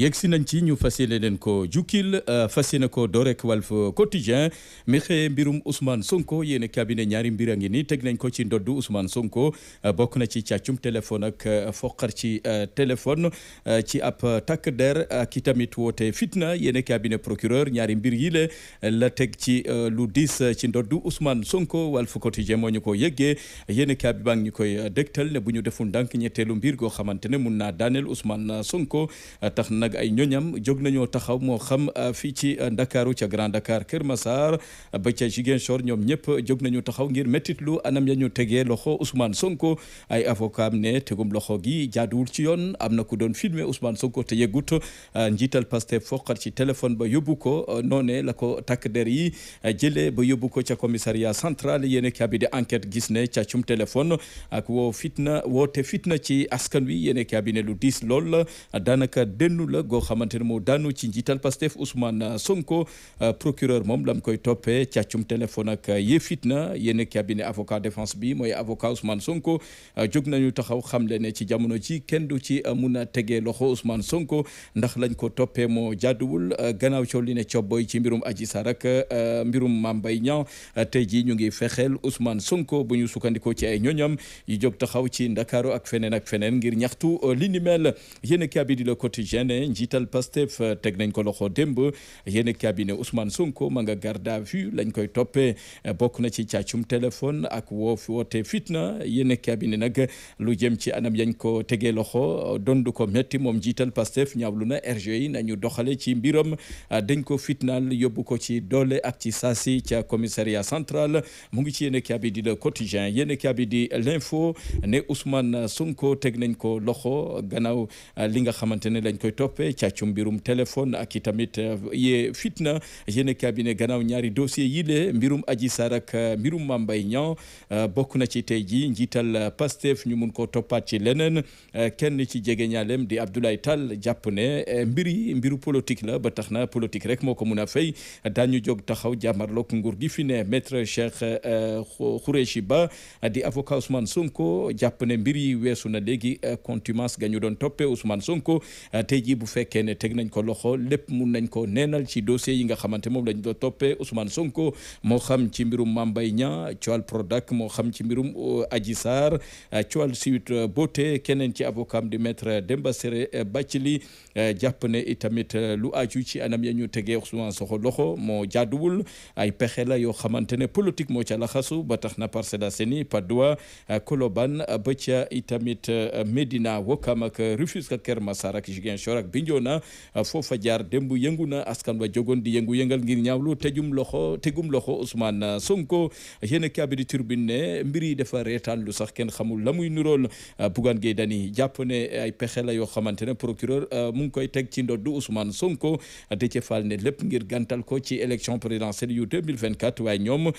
yegg si nañ ci ñu fas yéene leen ko jukkil euh, fas yéene ko door rek Walf Quotidien mi xëyee mbirum Ousmane Sonko yéen kabine ñaari mbir a ngi nii teg nañ ko ci ndoddu Ousmane Sonko euh, bokk na ci càccum téléphone ak euh, foqar ci téléphone ci ab takk der ak itamit woote fitna yéen cabinet procureur ñaari mbir yi la teg ci lu diis ci ndoddu Ousmane Sonko Walf Quotidien moo ñu ko yëggee yéen cabinet baa ñu koy dégtal ne bu ñu deful ndànk ñetteelu mbir goo xamante ne mun naa daneel Ousmane Sonko nag ay ñoñam jóg taxaw moo xam euh, fii ci euh, Ndakaaru ca Grand Dakar Kër Massar ba ca Ziguinchor ñoom ñëpp jóg nañu taxaw ngir mettitlu anam ya ñu tegee loxo Ousmane Sonko ay avocat am ne tegum loxo gi jaaduwul ci yoon am na ku doon filmer Ousmane Sonko te yeggut euh, njiital Pastef foqat ci téléphone ba yóbbu ko noonee la ko takk der yi jële ba yóbbu ko ca commissaria central yéen cabinet enquête gis ne càccum téléphone ak woo fitna woote fitna ci askan wi yéen cabinet lu diis lool daanaka dennu la la goo xamante ne moo daanu ci njiital Pastef Ousmane Sonko euh, procureur moom lam koy toppee càccum téléphone ak yëfit na yéen cabinet avocat défense bi mooy avocat Ousmane Sonko euh, jóg nañu taxaw xamle ne ci jamono ji kenn du ci euh, mun a tegee loxo Ousmane Sonko ndax lañ ko toppee moo jaaduwul gannaaw coow li ne cobboy ci mbirum aji Sarr ak mbirum Mame Mbaye Niang tey jii ñu ngi fexeel Sonko bu ñu ci ay ñoñam yu ci Ndakaaru ñaxtu li ni mel yéen cabinet Le njiital Pastef eh, teg nañ ko loxo démb yéen cabinet Ousmane Sonko ma nga garde à vue lañ koy toppee eh, bokk na ci càccum téléphone ak woo woote fitna yéen cabinet nag lu jëm ci anam yañ ko tegee loxo dondu ko metti moom njiital Pastef ñaawlu na RG yi nañu doxale ci mbiram eh, dañ ko fitnaal yóbbu ko ci dole ak ci saasi ca commissariat central mu ngi ci yéen cabinet Le Quotidien yéen cabinet di l'info ne Ousmane Sonko teg nañ ko loxo gannaaw li nga xamante ne toppee càccum mbirum téléphone ak i tamit euh, yee fitna yéen cabinet gannaaw ñaari dossier yi le mbirum Adji Sarr ak euh, mbirum Mame euh, bokk na ci tey ji njiital Pastef ñu mun ko toppaat ci leneen kenn ci jege ñaalem di Abdoulaye Tall jàpp ne mbiri mbiru politique la ba tax na politique rek moo ko mun a fay daañu jóg taxaw jàmmarloog nguur gi fi ne maître Cheikh Khoureyssi Ba di avocat Ousmane Sonko jàpp ne mbir yi weesu na léegi contumace ga ñu doon toppee Ousmane Sonko tey bu fekkee ne teg nañ ko loxo lépp mun nañ ko neenal ci dossier yi nga xamante moom lañ doon toppee Ousmane Sonko moo xam ci mbirum mambay Mbaye Niang ci wàllu Prodac moo xam ci mbirum euh, Adji Sarr euh, ci wàllu Sweet euh, Beauté keneen ci avocat am di maître Demba Séré Bathily jàpp ne itamit lu aju ci anam ya ñu tegee Ousmane Sonko loxo moo jaaduwul ay pexe la yoo xamante ne politique moo ca laxasu ba tax na Parcelles Assainies Patte d'Oie Colobane ba ca itamit Médina Ouakam ak Rufisque ak Keur Massar ak Ziguinchor Bignona euh, foofa jaar démb yëngu na askan wa jogoon di yëngu-yëngal ngir ñaawlu tejum loxo tegum loxo Ousmane Sonko yéen a kaabi di turbine ne mbir yi dafa reetaan lu sax kenn xamul la muy nurool euh, Bougane Gueye Dany jàpp ne ay pexe la yoo xamante ne procureur euh, mu ngi koy teg ci ndoddu Ousmane Sonko Déthié Fall ne lépp ngir gantal ko ci élection présidentielle yu 2024 waaye ñoom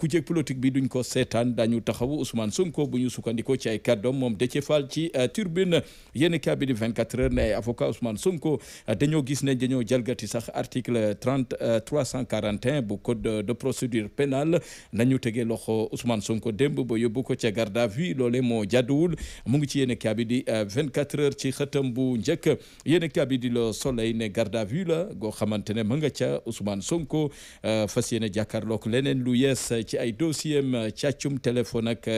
ku jeg politique bi duñ ko seetaan dañu taxawu Ousmane Sonko bu ñu sukkandikoo ci ay kàddoom moom Déthié Fall ci turbine yéen a Ousmane Sonko euh, dañoo gis ne dañoo jalgati sax article trente euh, trois cent quarante et un bu code de procédure pénale nañu tegee loxo Ousmane Sonko démb ba yóbbu ko ca garde à vue loolee moo jàdduwul mu ngi ci yéen a di euh, vingt quatre heures ci xëtam bu njëkk yéen a kii di le soleil ne garde à vue la goo xamante ne ma nga ca Ousmane Sonko fas yéene jàkkaarloog leneen lu yees ci ay dossier am càccum téléphone ak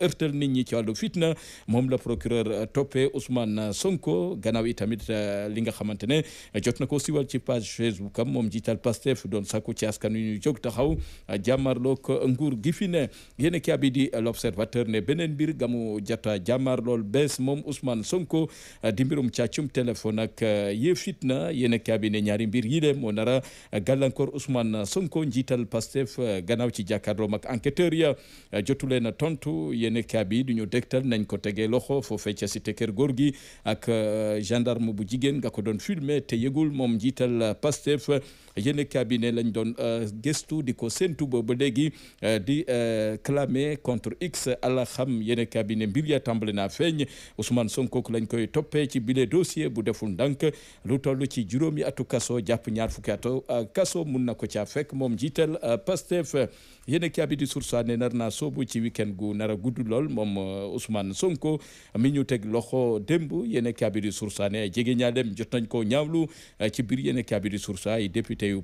ërtal nit ñi ci wàllu fitna moom la procureur toppee Ousmane Sonko gannaaw itamit li nga xamante ne jot na ko siwal ci page Facebook am moom jiital Pastef doon sakku ci askan wi ñu jóg taxaw jàmmarloog nguur gi fi ne yéen ki abi di l'observateur ne beneen mbir gamu jata jàmmarlool bees moom Ousmane Sonko di mbirum càccum téléphone ak yee fitna yéen ki abi ne ñaari mbir yi de moo nara gàllankoor Ousmane Sonko njiital Pastef gannaaw ci jàkkaarloom ak enquêteur ya jotu leen a tontu yéen ki abi du ñu dégtal nañ ko tegee loxo foofee ca cité kër gi ak gendarme bu jigéen jigéen nga ko doon filmer te yëgul moom njiital euh, Pastef yéen cabinet lañ doon euh, gëstu di ko séntu ba ba léegi euh, di clamer contre x ala xam yéen cabinet mbir ya tàmbale naa feeñ Ousmane Sonko lañ koy toppee ci bile dossier bu deful ndànk lu toll ci juróomi atu kaso jàpp ñaar fukki atu kaso mun na ko caa fekk moom njiital Pastef yéen cabinet di Source A ne nar naa soobu ci week gu nar a gudd lool moom Ousmane Sonko mi ñu teg loxo démb yéen cabinet di A ne jege jot nañ koo ñaawlu ci biir yéen a kaabiri Source A ay député yu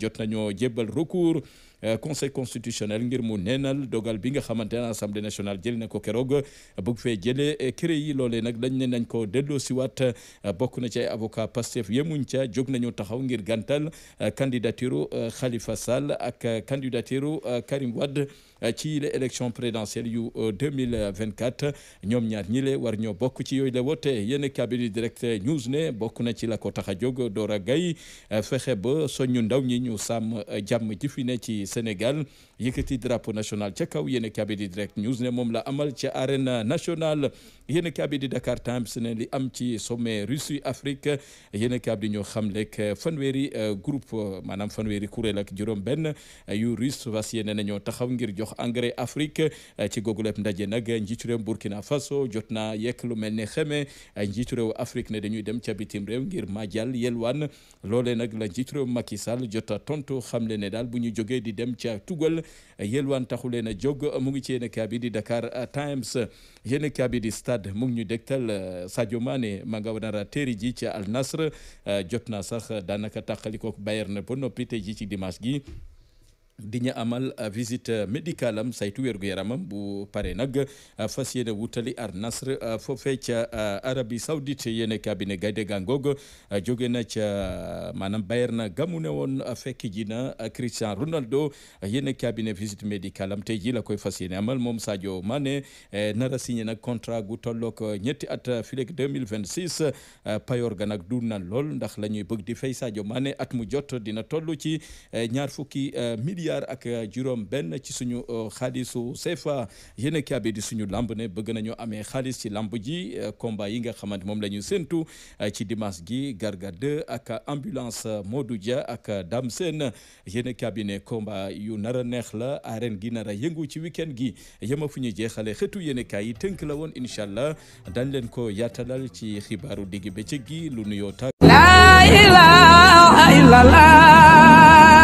jot nañoo jébbal recours Euh, conseil constitutionnel ngir mu neenal dogal bi nga xamante ne assemblée national jël na ko keroog euh, bëgg fee jëlee euh, kër loole nag dañ ne nañ ko delloosiwaat bokk na ci ay avocat Pastef yemuñ ca jóg nañu taxaw ngir gantal candidature Khalifa Sall ak candidature Karim Wade ci les élections présidentielles yu 2024 ñoom ñaar ñi le war ñoo bokk ci yooyu la wote yen kabili direct news ne bokk na ci la ko tax a jóg Dora Gaye fexe ba soñu ndaw ñi ñu sàmm jàmm ji fi ne ci Sénégal yëkkati drapeau national ca kaw yéen a kii di direct news ne moom la amal ca arène national yéen a kii di Dakar Times ne li am ci sommet Russie Afrique yéen a kii di ñu xam lek fanweeri euh, groupe euh, maanaam fanweeri kuréel ak juróom-benn euh, yu russe fas yéene nañoo taxaw ngir jox engrais Afrique ci googu ndaje nag njiitu réew Burkina Faso jot naa yekk lu mel ne xeme njiitu réew Afrique ne dañuy dem ca bitim réew ngir majal yelwaan loolee nag la njiitu réew Sall jot a tontu xamle ne daal ñu jógee di dem ca tugal yelwaan taxu leen a jóg mu ngi ci yenn a bi di Dakar Times yéen a bi di stade mu ngi ñu dégtal euh, Sadio Mané ma nga nar a teeri ji ca Al nasr euh, jot naa sax daanaka tàqalikook Bayern ba noppi tey jii ci dimanche gi. di amal visite médicale am saytu wérgu yaramam bu pare nag fas yéene wutali Al Nasr foofee ca Arabie Saoudite yéen cabinet gaynde gàngoog jóge na ca maanaam na gamu ne woon fekk ji na Cristiano Ronaldo yéen cabinet visite médicale am tey jii la koy fas yéene amal moom Sadio Mané e nara signé nag contrat gu tolloog ñetti at fileeg 2026 payoor ga nag du na lool ndax la ñuy bëgg di fay Sadio Mané at mu jot dina toll ci e ñaar fukki e milliards ak juróom benn ci suñu euh, xaalisu CFA yéen kaabi di suñu lamb ne bëgg nañu amee xaalis ci lamb ji euh, combat yi nga xamante moom la ñu séntu euh, ci dimanche gi Garga 2 ak ambulance Modou Dia ak Dame Sène yéen kaabi ne combat yu nar a neex la arène gi nar a yëngu ci weekend gi yema fu ñu jeexale xeetu yéen kaay yi tënk la woon incha allah dañ leen ko yaatalal ci xibaaru digg bëccëg gi lu nuyoo tàgg.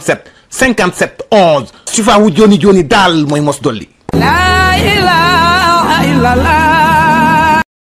77 57 11 Sufa wu joni joni daal mooy mos dolli. la ilaha illallah.